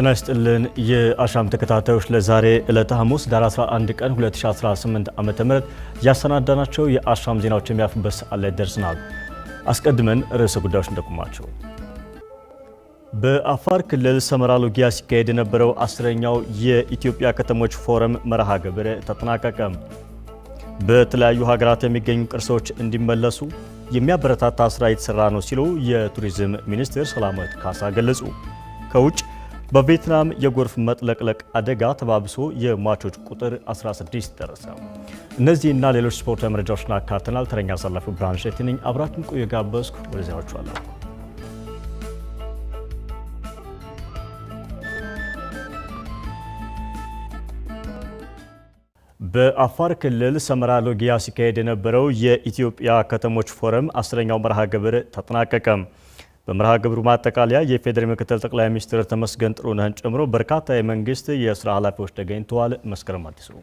ጤና ይስጥልን የአሻም ተከታታዮች ለዛሬ ዕለተ ሐሙስ ዳር 11 ቀን 2018 ዓ ም ያሰናዳናቸው የአሻም ዜናዎች የሚያርፉበት ሰዓት ላይ ደርሰናል። አስቀድመን ርዕሰ ጉዳዮች እንደቁማቸው በአፋር ክልል ሰመራ ሎጊያ ሲካሄድ የነበረው አስረኛው የኢትዮጵያ ከተሞች ፎረም መርሃ ግብር ተጠናቀቀ። በተለያዩ ሀገራት የሚገኙ ቅርሶች እንዲመለሱ የሚያበረታታ ስራ የተሰራ ነው ሲሉ የቱሪዝም ሚኒስትር ሰላመት ካሳ ገለጹ። ከውጭ በቪየትናም የጎርፍ መጥለቅለቅ አደጋ ተባብሶ የሟቾች ቁጥር 16 ደረሰ። እነዚህና ሌሎች ስፖርታዊ መረጃዎችን አካተናል። ተረኛ ሳላፊው ብርሃን ሸቴ ነኝ። አብራችን ቆዩ። የጋበዝኩ ወደ ዜናዎቹ በአፋር ክልል ሰመራ ሎጊያ ሲካሄድ የነበረው የኢትዮጵያ ከተሞች ፎረም አስረኛው መርሃ ግብር ተጠናቀቀ። በመርሃ ግብሩ ማጠቃለያ የፌዴራል ምክትል ጠቅላይ ሚኒስትር ተመስገን ጥሩነህን ጨምሮ በርካታ የመንግስት የስራ ኃላፊዎች ተገኝተዋል። መስከረም ነው።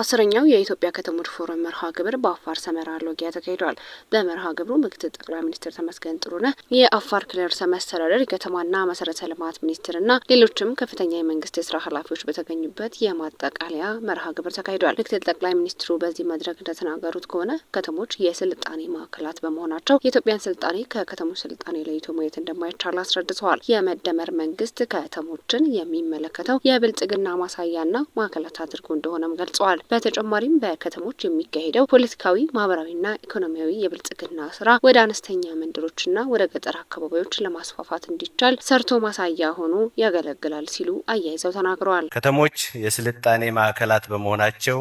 አስረኛው የኢትዮጵያ ከተሞች ፎረም መርሃ ግብር በአፋር ሰመራ ሎጊያ ተካሂዷል። በመርሃ ግብሩ ምክትል ጠቅላይ ሚኒስትር ተመስገን ጥሩነህ፣ የአፋር ክልል ርዕሰ መስተዳደር፣ የከተማና መሰረተ ልማት ሚኒስትርና ሌሎችም ከፍተኛ የመንግስት የስራ ኃላፊዎች በተገኙበት የማጠቃለያ መርሃ ግብር ተካሂዷል። ምክትል ጠቅላይ ሚኒስትሩ በዚህ መድረክ እንደተናገሩት ከሆነ ከተሞች የስልጣኔ ማዕከላት በመሆናቸው የኢትዮጵያን ስልጣኔ ከከተሞች ስልጣኔ ለይቶ ማየት እንደማይቻል አስረድተዋል። የመደመር መንግስት ከተሞችን የሚመለከተው የብልጽግና ማሳያና ማዕከላት አድርጎ እንደሆነም ገልጸዋል። ተናግረዋል። በተጨማሪም በከተሞች የሚካሄደው ፖለቲካዊ፣ ማህበራዊና ኢኮኖሚያዊ የብልጽግና ስራ ወደ አነስተኛ መንደሮችና ወደ ገጠር አካባቢዎች ለማስፋፋት እንዲቻል ሰርቶ ማሳያ ሆኖ ያገለግላል ሲሉ አያይዘው ተናግረዋል። ከተሞች የስልጣኔ ማዕከላት በመሆናቸው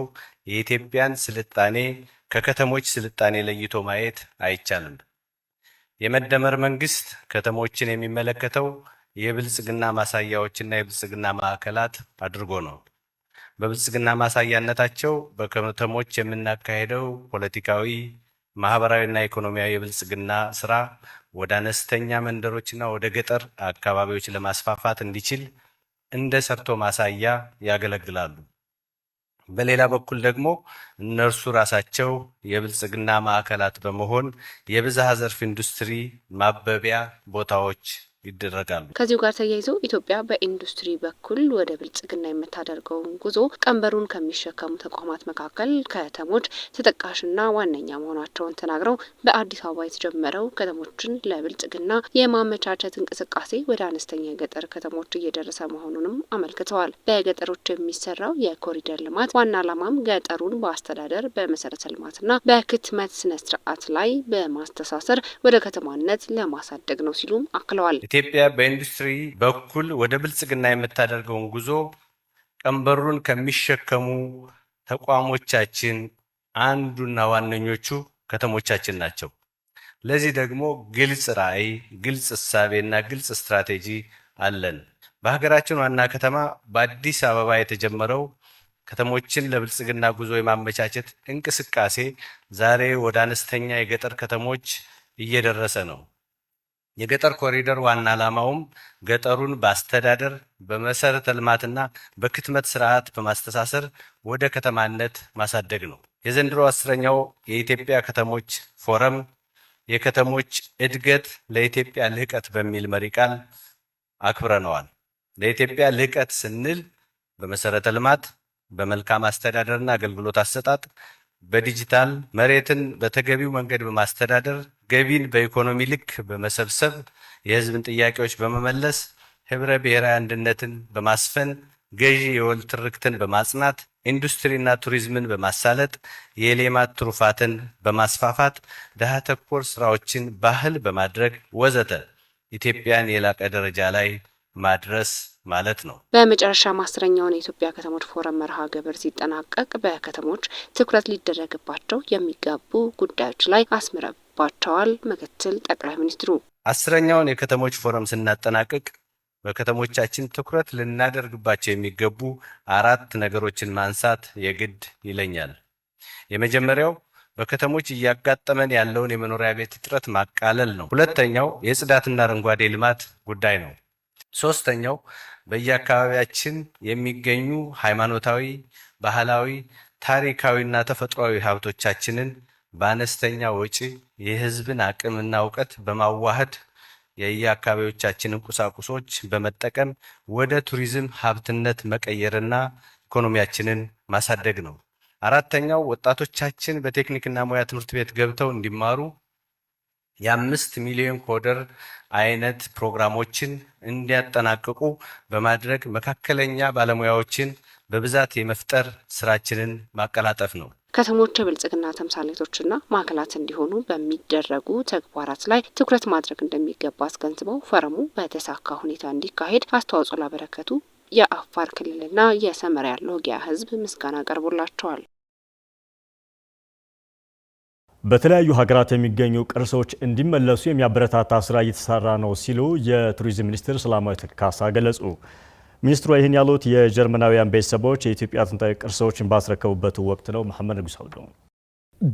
የኢትዮጵያን ስልጣኔ ከከተሞች ስልጣኔ ለይቶ ማየት አይቻልም። የመደመር መንግስት ከተሞችን የሚመለከተው የብልጽግና ማሳያዎችና የብልጽግና ማዕከላት አድርጎ ነው። በብልጽግና ማሳያነታቸው በከተሞች የምናካሄደው ፖለቲካዊ ማህበራዊና ኢኮኖሚያዊ የብልጽግና ስራ ወደ አነስተኛ መንደሮችና ወደ ገጠር አካባቢዎች ለማስፋፋት እንዲችል እንደ ሰርቶ ማሳያ ያገለግላሉ። በሌላ በኩል ደግሞ እነርሱ ራሳቸው የብልጽግና ማዕከላት በመሆን የብዝሃ ዘርፍ ኢንዱስትሪ ማበቢያ ቦታዎች ይደረጋሉ። ከዚሁ ጋር ተያይዞ ኢትዮጵያ በኢንዱስትሪ በኩል ወደ ብልጽግና የምታደርገውን ጉዞ ቀንበሩን ከሚሸከሙ ተቋማት መካከል ከተሞች ተጠቃሽና ዋነኛ መሆናቸውን ተናግረው በአዲስ አበባ የተጀመረው ከተሞችን ለብልጽግና የማመቻቸት እንቅስቃሴ ወደ አነስተኛ የገጠር ከተሞች እየደረሰ መሆኑንም አመልክተዋል። በገጠሮች የሚሰራው የኮሪደር ልማት ዋና ዓላማም ገጠሩን በአስተዳደር በመሰረተ ልማትና በክትመት ስነስርዓት ላይ በማስተሳሰር ወደ ከተማነት ለማሳደግ ነው ሲሉም አክለዋል። ኢትዮጵያ በኢንዱስትሪ በኩል ወደ ብልጽግና የምታደርገውን ጉዞ ቀንበሩን ከሚሸከሙ ተቋሞቻችን አንዱና ዋነኞቹ ከተሞቻችን ናቸው። ለዚህ ደግሞ ግልጽ ራዕይ፣ ግልጽ እና ግልጽ ስትራቴጂ አለን። በሀገራችን ዋና ከተማ በአዲስ አበባ የተጀመረው ከተሞችን ለብልጽግና ጉዞ የማመቻቸት እንቅስቃሴ ዛሬ ወደ አነስተኛ የገጠር ከተሞች እየደረሰ ነው። የገጠር ኮሪደር ዋና ዓላማውም ገጠሩን በአስተዳደር በመሰረተ ልማትና በክትመት ስርዓት በማስተሳሰር ወደ ከተማነት ማሳደግ ነው። የዘንድሮ አስረኛው የኢትዮጵያ ከተሞች ፎረም የከተሞች እድገት ለኢትዮጵያ ልህቀት በሚል መሪ ቃል አክብረነዋል። ለኢትዮጵያ ልህቀት ስንል በመሰረተ ልማት፣ በመልካም አስተዳደርና አገልግሎት አሰጣጥ፣ በዲጂታል መሬትን በተገቢው መንገድ በማስተዳደር ገቢን በኢኮኖሚ ልክ በመሰብሰብ የህዝብን ጥያቄዎች በመመለስ ህብረ ብሔራዊ አንድነትን በማስፈን ገዢ የወል ትርክትን በማጽናት ኢንዱስትሪና ቱሪዝምን በማሳለጥ የሌማት ትሩፋትን በማስፋፋት ድሃ ተኮር ስራዎችን ባህል በማድረግ ወዘተ ኢትዮጵያን የላቀ ደረጃ ላይ ማድረስ ማለት ነው። በመጨረሻ ማስረኛውን የኢትዮጵያ ከተሞች ፎረም መርሃ ግብር ሲጠናቀቅ በከተሞች ትኩረት ሊደረግባቸው የሚገቡ ጉዳዮች ላይ አስምረብ ይገባቸዋል። ምክትል ጠቅላይ ሚኒስትሩ አስረኛውን የከተሞች ፎረም ስናጠናቅቅ በከተሞቻችን ትኩረት ልናደርግባቸው የሚገቡ አራት ነገሮችን ማንሳት የግድ ይለኛል። የመጀመሪያው በከተሞች እያጋጠመን ያለውን የመኖሪያ ቤት እጥረት ማቃለል ነው። ሁለተኛው የጽዳትና አረንጓዴ ልማት ጉዳይ ነው። ሶስተኛው በየአካባቢያችን የሚገኙ ሃይማኖታዊ፣ ባህላዊ፣ ታሪካዊና ተፈጥሯዊ ሀብቶቻችንን በአነስተኛ ወጪ የህዝብን አቅምና እውቀት በማዋሃድ የየአካባቢዎቻችንን ቁሳቁሶች በመጠቀም ወደ ቱሪዝም ሀብትነት መቀየርና ኢኮኖሚያችንን ማሳደግ ነው። አራተኛው ወጣቶቻችን በቴክኒክና ሙያ ትምህርት ቤት ገብተው እንዲማሩ የአምስት ሚሊዮን ኮደር አይነት ፕሮግራሞችን እንዲያጠናቅቁ በማድረግ መካከለኛ ባለሙያዎችን በብዛት የመፍጠር ስራችንን ማቀላጠፍ ነው። ከተሞች የብልጽግና ተምሳሌቶችና ማዕከላት እንዲሆኑ በሚደረጉ ተግባራት ላይ ትኩረት ማድረግ እንደሚገባ አስገንዝበው ፈረሙ በተሳካ ሁኔታ እንዲካሄድ አስተዋጽኦ ላበረከቱ የአፋር ክልልና የሰመራ ሎጊያ ህዝብ ምስጋና ቀርቦላቸዋል። በተለያዩ ሀገራት የሚገኙ ቅርሶች እንዲመለሱ የሚያበረታታ ስራ እየተሰራ ነው ሲሉ የቱሪዝም ሚኒስትር ሰላማዊት ካሳ ገለጹ። ሚኒስትሩ ይህን ያሉት የጀርመናውያን ቤተሰቦች የኢትዮጵያ ጥንታዊ ቅርሶችን ባስረከቡበት ወቅት ነው። መሐመድ ንጉስ አብዱ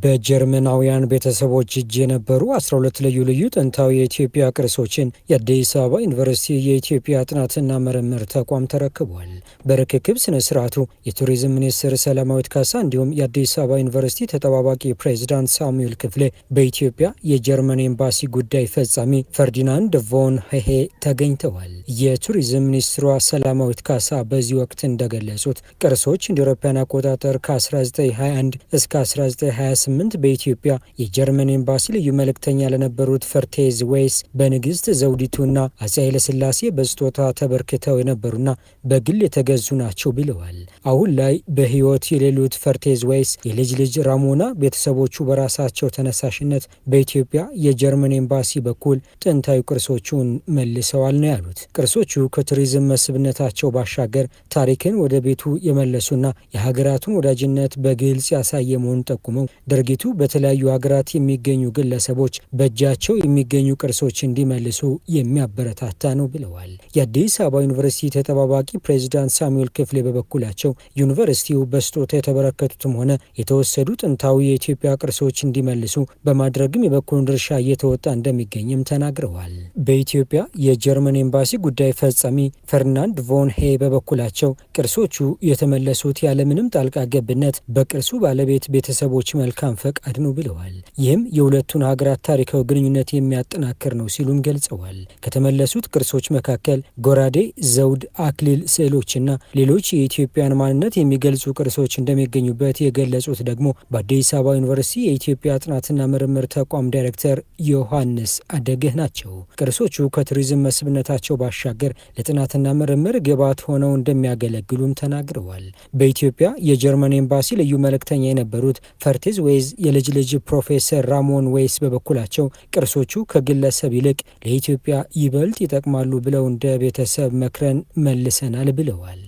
በጀርመናውያን ቤተሰቦች እጅ የነበሩ 12 ልዩ ልዩ ጥንታዊ የኢትዮጵያ ቅርሶችን የአዲስ አበባ ዩኒቨርሲቲ የኢትዮጵያ ጥናትና ምርምር ተቋም ተረክቧል። በርክክብ ስነ ስርዓቱ የቱሪዝም ሚኒስትር ሰላማዊት ካሳ እንዲሁም የአዲስ አበባ ዩኒቨርሲቲ ተጠባባቂ ፕሬዚዳንት ሳሙኤል ክፍሌ፣ በኢትዮጵያ የጀርመን ኤምባሲ ጉዳይ ፈጻሚ ፈርዲናንድ ቮን ሄሄ ተገኝተዋል። የቱሪዝም ሚኒስትሯ ሰላማዊት ካሳ በዚህ ወቅት እንደገለጹት ቅርሶች እንደ አውሮፓውያን አቆጣጠር ከ1921 እስከ 1920 2028 በኢትዮጵያ የጀርመን ኤምባሲ ልዩ መልእክተኛ ለነበሩት ፈርቴዝ ዌይስ በንግሥት ዘውዲቱና አጼ ኃይለሥላሴ በስጦታ ተበርክተው የነበሩና በግል የተገዙ ናቸው ብለዋል። አሁን ላይ በሕይወት የሌሉት ፈርቴዝ ዌይስ የልጅ ልጅ ራሞና ቤተሰቦቹ በራሳቸው ተነሳሽነት በኢትዮጵያ የጀርመን ኤምባሲ በኩል ጥንታዊ ቅርሶቹን መልሰዋል ነው ያሉት። ቅርሶቹ ከቱሪዝም መስህብነታቸው ባሻገር ታሪክን ወደ ቤቱ የመለሱና የሀገራቱን ወዳጅነት በግልጽ ያሳየ መሆኑን ጠቁመው ድርጊቱ በተለያዩ ሀገራት የሚገኙ ግለሰቦች በእጃቸው የሚገኙ ቅርሶች እንዲመልሱ የሚያበረታታ ነው ብለዋል። የአዲስ አበባ ዩኒቨርሲቲ ተጠባባቂ ፕሬዚዳንት ሳሙኤል ክፍሌ በበኩላቸው ዩኒቨርሲቲው በስጦታ የተበረከቱትም ሆነ የተወሰዱ ጥንታዊ የኢትዮጵያ ቅርሶች እንዲመልሱ በማድረግም የበኩሉን ድርሻ እየተወጣ እንደሚገኝም ተናግረዋል። በኢትዮጵያ የጀርመን ኤምባሲ ጉዳይ ፈጻሚ ፈርናንድ ቮን ሄ በበኩላቸው ቅርሶቹ የተመለሱት ያለምንም ጣልቃ ገብነት በቅርሱ ባለቤት ቤተሰቦች መልክ መልካም ፈቃድ ነው ብለዋል። ይህም የሁለቱን ሀገራት ታሪካዊ ግንኙነት የሚያጠናክር ነው ሲሉም ገልጸዋል። ከተመለሱት ቅርሶች መካከል ጎራዴ፣ ዘውድ፣ አክሊል፣ ስዕሎችና ሌሎች የኢትዮጵያን ማንነት የሚገልጹ ቅርሶች እንደሚገኙበት የገለጹት ደግሞ በአዲስ አበባ ዩኒቨርሲቲ የኢትዮጵያ ጥናትና ምርምር ተቋም ዳይሬክተር ዮሐንስ አደገህ ናቸው። ቅርሶቹ ከቱሪዝም መስህብነታቸው ባሻገር ለጥናትና ምርምር ግብዓት ሆነው እንደሚያገለግሉም ተናግረዋል። በኢትዮጵያ የጀርመን ኤምባሲ ልዩ መልእክተኛ የነበሩት ፈርቴዝ ዌይዝ የልጅ ልጅ ፕሮፌሰር ራሞን ወይስ በበኩላቸው ቅርሶቹ ከግለሰብ ይልቅ ለኢትዮጵያ ይበልጥ ይጠቅማሉ ብለው እንደ ቤተሰብ መክረን መልሰናል ብለዋል።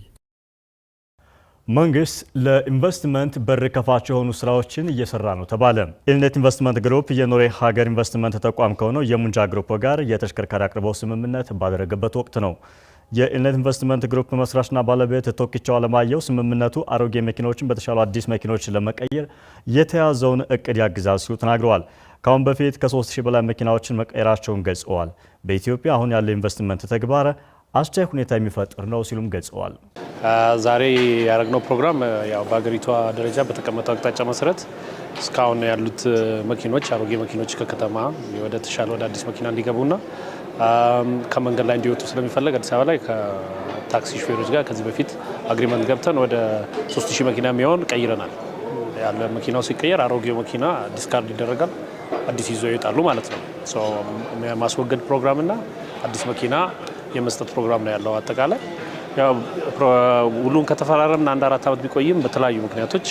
መንግስት ለኢንቨስትመንት በር ከፋች የሆኑ ስራዎችን እየሰራ ነው ተባለ። ኢልኔት ኢንቨስትመንት ግሩፕ የኖሬ ሀገር ኢንቨስትመንት ተቋም ከሆነው የሙንጃ ግሩፕ ጋር የተሽከርካሪ አቅርቦ ስምምነት ባደረገበት ወቅት ነው። የኢልኔት ኢንቨስትመንት ግሩፕ መስራችና ባለቤት ቶኪቻው አለማየሁ ስምምነቱ አሮጌ መኪናዎችን በተሻሉ አዲስ መኪኖች ለመቀየር የተያዘውን እቅድ ያግዛል ሲሉ ተናግረዋል። ከአሁን በፊት ከ3000 በላይ መኪናዎችን መቀየራቸውን ገልጸዋል። በኢትዮጵያ አሁን ያለው ኢንቨስትመንት ተግባር አስቻይ ሁኔታ የሚፈጥር ነው ሲሉም ገልጸዋል። ዛሬ ያደረግነው ፕሮግራም ያው በሀገሪቷ ደረጃ በተቀመጠው አቅጣጫ መሰረት እስካሁን ያሉት መኪኖች አሮጌ መኪኖች ከከተማ ወደ ተሻለ ወደ አዲስ መኪና እንዲገቡና ከመንገድ ላይ እንዲወጡ ስለሚፈለግ አዲስ አበባ ላይ ከታክሲ ሹፌሮች ጋር ከዚህ በፊት አግሪመንት ገብተን ወደ 3000 መኪና የሚሆን ቀይረናል። ያለ መኪናው ሲቀየር አሮጌው መኪና ዲስካርድ ይደረጋል፣ አዲስ ይዞ ይወጣሉ ማለት ነው። የማስወገድ ፕሮግራም እና አዲስ መኪና የመስጠት ፕሮግራም ነው ያለው። አጠቃላይ ውሉን ከተፈራረምን አንድ አራት ዓመት ቢቆይም በተለያዩ ምክንያቶች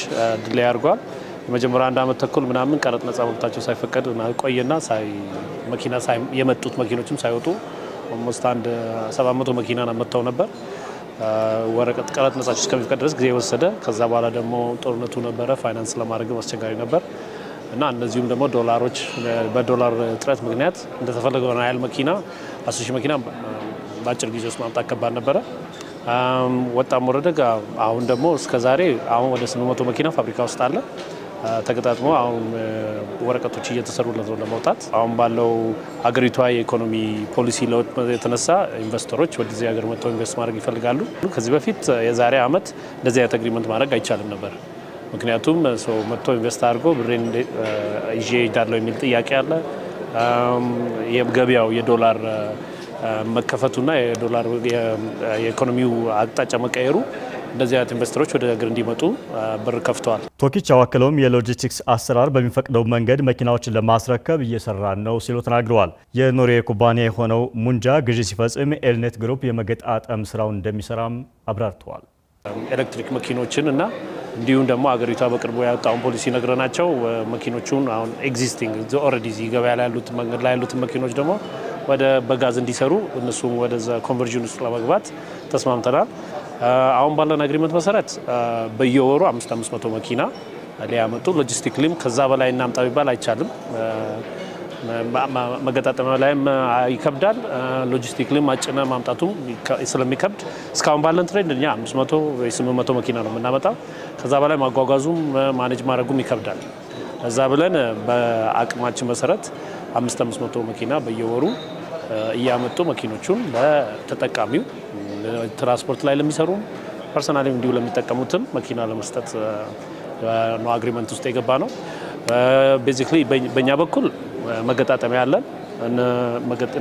ድላይ አድርጓል። የመጀመሪያ አንድ አመት ተኩል ምናምን ቀረጥ ነጻ መብታቸው ሳይፈቀድ ቆየና መኪና የመጡት መኪኖችም ሳይወጡ ኦልሞስት አንድ 700 መኪና መጥተው ነበር። ወረቀት ቀረጥ ነጻቸው እስከሚፈቀድ ድረስ ጊዜ ወሰደ። ከዛ በኋላ ደግሞ ጦርነቱ ነበረ። ፋይናንስ ለማድረግም አስቸጋሪ ነበር እና እነዚሁም ደግሞ ዶላሮች በዶላር እጥረት ምክንያት እንደተፈለገው ያህል መኪና አስር ሺህ መኪና በአጭር ጊዜ ውስጥ ማምጣት ከባድ ነበረ። ወጣም ወረደ። አሁን ደግሞ እስከዛሬ አሁን ወደ 800 መኪና ፋብሪካ ውስጥ አለ። ተገጣጥሞ አሁን ወረቀቶች እየተሰሩለት ነው ለመውጣት። አሁን ባለው ሀገሪቷ የኢኮኖሚ ፖሊሲ ለውጥ የተነሳ ኢንቨስተሮች ወደዚህ ሀገር መጥተው ኢንቨስት ማድረግ ይፈልጋሉ። ከዚህ በፊት የዛሬ ዓመት እንደዚህ አይነት አግሪመንት ማድረግ አይቻልም ነበር። ምክንያቱም ሰው መጥቶ ኢንቨስት አድርጎ ብሬን ይዤ እሄዳለሁ የሚል ጥያቄ አለ። የገበያው የዶላር መከፈቱና የዶላር የኢኮኖሚው አቅጣጫ መቀየሩ እንደዚህ አይነት ኢንቨስተሮች ወደ ሀገር እንዲመጡ በር ከፍተዋል። ቶኪች አዋክለውም የሎጂስቲክስ አሰራር በሚፈቅደው መንገድ መኪናዎችን ለማስረከብ እየሰራን ነው ሲሉ ተናግረዋል። የኖሬ ኩባንያ የሆነው ሙንጃ ግዢ ሲፈጽም ኤልኔት ግሩፕ የመገጣጠም ስራውን እንደሚሰራም አብራርተዋል። ኤሌክትሪክ መኪኖችን እና እንዲሁም ደግሞ አገሪቷ በቅርቡ ያወጣውን ፖሊሲ ነግረናቸው መኪኖቹን አሁን ኤግዚስቲንግ ኦልሬዲ ገበያ ላይ ያሉት መንገድ ላይ ያሉትን መኪኖች ደግሞ ወደ በጋዝ እንዲሰሩ እነሱም ወደዛ ኮንቨርዥን ውስጥ ለመግባት ተስማምተናል። አሁን ባለን አግሪመንት መሰረት በየወሩ 5500 መኪና ሊያመጡ ሎጂስቲክሊም ከዛ በላይ እናምጣ ቢባል አይቻልም። መገጣጠሚያ ላይም ይከብዳል። ሎጂስቲክሊም አጭነ ማምጣቱም ስለሚከብድ እስካሁን ባለን ትሬንድ እኛ 500 800 መኪና ነው የምናመጣው። ከዛ በላይ ማጓጓዙም ማኔጅ ማድረጉም ይከብዳል። እዛ ብለን በአቅማችን መሰረት 5500 መኪና በየወሩ እያመጡ መኪኖቹን ለተጠቃሚው ትራንስፖርት ላይ ለሚሰሩ ፐርሰናል እንዲሁ ለሚጠቀሙትም መኪና ለመስጠት ነው አግሪመንት ውስጥ የገባ ነው። ቤዚክሊ በእኛ በኩል መገጣጠሚያ አለን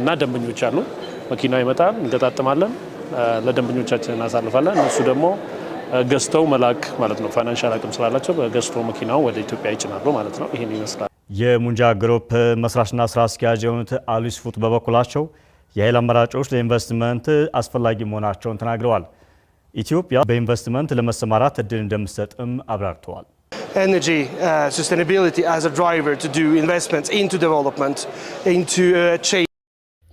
እና ደንበኞች አሉ። መኪናው ይመጣል፣ እንገጣጥማለን፣ ለደንበኞቻችን እናሳልፋለን። እነሱ ደግሞ ገዝተው መላክ ማለት ነው። ፋይናንሻል አቅም ስላላቸው ገዝቶ መኪናው ወደ ኢትዮጵያ ይጭናሉ ማለት ነው። ይህን ይመስላል። የሙንጃ ግሩፕ መስራችና ስራ አስኪያጅ የሆኑት አሊስ ፉት በበኩላቸው የኃይል አማራጮች ለኢንቨስትመንት አስፈላጊ መሆናቸውን ተናግረዋል። ኢትዮጵያ በኢንቨስትመንት ለመሰማራት እድል እንደምትሰጥም አብራርተዋል። energy uh, sustainability as a driver to do investments into development, into uh, change.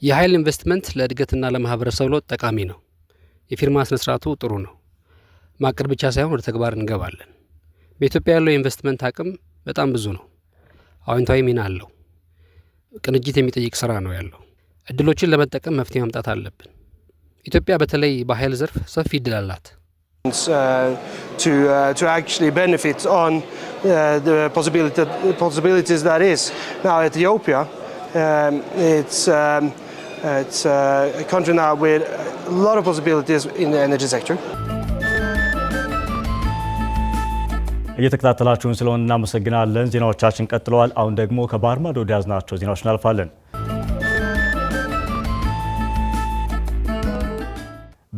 የኃይል ኢንቨስትመንት ለእድገትና ለማህበረሰብ ለውጥ ጠቃሚ ነው። የፊርማ ስነስርዓቱ ጥሩ ነው። ማቀድ ብቻ ሳይሆን ወደ ተግባር እንገባለን። በኢትዮጵያ ያለው የኢንቨስትመንት አቅም በጣም ብዙ ነው። አዎንታዊ ሚና አለው። ቅንጅት የሚጠይቅ ስራ ነው ያለው። እድሎችን ለመጠቀም መፍትሄ ማምጣት አለብን። ኢትዮጵያ በተለይ በኃይል ዘርፍ ሰፊ እድል አላት። እየተከታተላችሁን ስለሆን እናመሰግናለን። ዜናዎቻችን ቀጥለዋል። አሁን ደግሞ ከባህር ማዶ ወደ ያዝናቸው ዜናዎች እናልፋለን።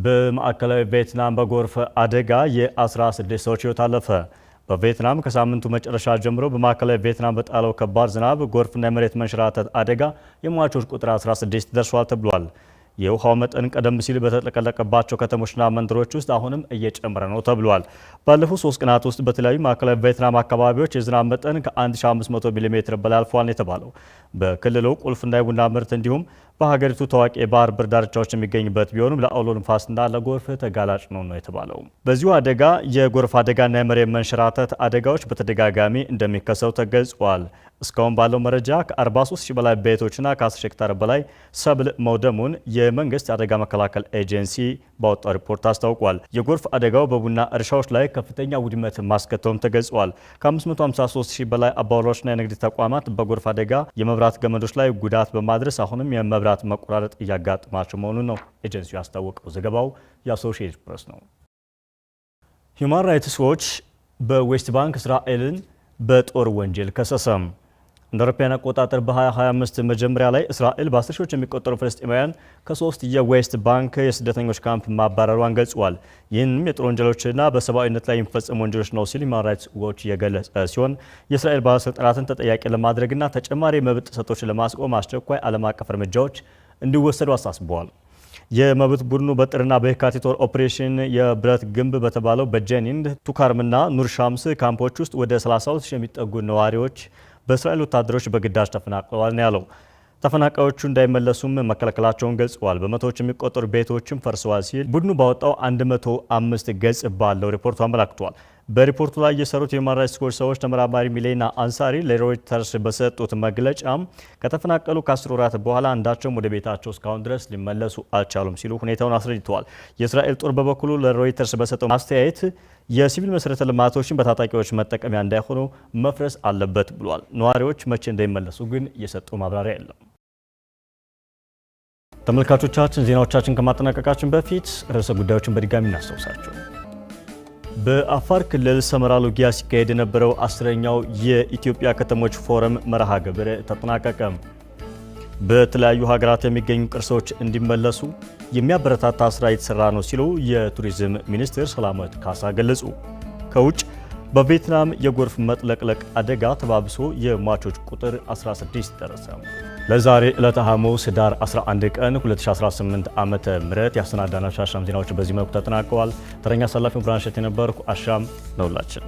በማዕከላዊ ቬትናም በጎርፍ አደጋ የ16 ሰዎች ህይወት አለፈ። በቪየትናም ከሳምንቱ መጨረሻ ጀምሮ በማዕከላዊ ቬትናም በጣለው ከባድ ዝናብ፣ ጎርፍና የመሬት መንሸራተት አደጋ የሟቾች ቁጥር 16 ደርሷል ተብሏል። የውሃው መጠን ቀደም ሲል በተጥለቀለቀባቸው ከተሞችና መንደሮች ውስጥ አሁንም እየጨመረ ነው ተብሏል። ባለፉት ሶስት ቀናት ውስጥ በተለያዩ ማዕከላዊ ቬትናም አካባቢዎች የዝናብ መጠን ከ1500 ሚሜ በላይ አልፏል የተባለው በክልሉ ቁልፍና የቡና ምርት እንዲሁም በሀገሪቱ ታዋቂ የባህር ብር ዳርቻዎች የሚገኝበት ቢሆንም ለአውሎ ንፋስና ለጎርፍ ተጋላጭ ነው ነው የተባለው። በዚሁ አደጋ የጎርፍ አደጋና የመሬት መንሸራተት አደጋዎች በተደጋጋሚ እንደሚከሰቱ ተገልጿል። እስካሁን ባለው መረጃ ከ43 ሺህ በላይ ቤቶችና ከ10 ሄክታር በላይ ሰብል መውደሙን የመንግስት የአደጋ መከላከል ኤጀንሲ ባወጣው ሪፖርት አስታውቋል። የጎርፍ አደጋው በቡና እርሻዎች ላይ ከፍተኛ ውድመት ማስከተውም ተገልጿል። ከ553 ሺህ በላይ አባወራዎችና የንግድ ተቋማት በጎርፍ አደጋ የመብራት ገመዶች ላይ ጉዳት በማድረስ አሁንም የመብራት የመብራት መቆራረጥ እያጋጠማቸው መሆኑን ነው ኤጀንሲው ያስታወቀው። ዘገባው የአሶሺየትድ ፕሬስ ነው። ሂዩማን ራይትስ ዎች በዌስት ባንክ እስራኤልን በጦር ወንጀል ከሰሰም። እንደ አውሮፓውያን አቆጣጠር በ2025 መጀመሪያ ላይ እስራኤል በአስር ሺዎች የሚቆጠሩ ፍልስጤማውያን ከሶስት የዌስት ባንክ የስደተኞች ካምፕ ማባረሯን ገልጿል። ይህንም የጦር ወንጀሎችና በሰብአዊነት ላይ የሚፈጸሙ ወንጀሎች ነው ሲል ሂውማን ራይትስ ዎች የገለጸ ሲሆን የእስራኤል ባለስልጣናትን ተጠያቂ ለማድረግና ተጨማሪ መብት ጥሰቶችን ለማስቆም አስቸኳይ ዓለም አቀፍ እርምጃዎች እንዲወሰዱ አሳስበዋል። የመብት ቡድኑ በጥርና በየካቲት ወር ኦፕሬሽን የብረት ግንብ በተባለው በጀኒን ቱካርምና ኑርሻምስ ካምፖች ውስጥ ወደ 32 የሚጠጉ ነዋሪዎች በእስራኤል ወታደሮች በግዳጅ ተፈናቅለዋል ነው ያለው። ተፈናቃዮቹ እንዳይመለሱም መከልከላቸውን ገልጸዋል። በመቶዎች የሚቆጠሩ ቤቶችም ፈርሰዋል ሲል ቡድኑ ባወጣው 105 ገጽ ባለው ሪፖርቱ አመላክቷል። በሪፖርቱ ላይ የሰሩት የሁማን ራይትስ ሰዎች ተመራማሪ ሚሌና አንሳሪ ለሮይተርስ በሰጡት መግለጫም ከተፈናቀሉ ከአስር ወራት በኋላ አንዳቸውም ወደ ቤታቸው እስካሁን ድረስ ሊመለሱ አልቻሉም ሲሉ ሁኔታውን አስረድተዋል። የእስራኤል ጦር በበኩሉ ለሮይተርስ በሰጠው አስተያየት የሲቪል መሰረተ ልማቶችን በታጣቂዎች መጠቀሚያ እንዳይሆኑ መፍረስ አለበት ብሏል። ነዋሪዎች መቼ እንደሚመለሱ ግን የሰጡ ማብራሪያ የለም። ተመልካቾቻችን ዜናዎቻችን ከማጠናቀቃችን በፊት ርዕሰ ጉዳዮችን በድጋሚ እናስታውሳቸው። በአፋር ክልል ሰመራ ሎጊያ ሲካሄድ የነበረው አስረኛው የኢትዮጵያ ከተሞች ፎረም መርሃ ግብር ተጠናቀቀ። በተለያዩ ሀገራት የሚገኙ ቅርሶች እንዲመለሱ የሚያበረታታ ስራ የተሰራ ነው ሲሉ የቱሪዝም ሚኒስትር ሰላመት ካሳ ገለጹ። ከውጭ በቪየትናም የጎርፍ መጥለቅለቅ አደጋ ተባብሶ የሟቾች ቁጥር 16 ደረሰ። ለዛሬ ዕለተ ሐሙስ 11 ቀን 2018 ዓ ምህረት ያሰናዳናቸው አሻም ዜናዎች በዚህ መልኩ ተጠናቀዋል። ተረኛ አሳላፊው ብራንሸት የነበርኩ አሻም ነውላችን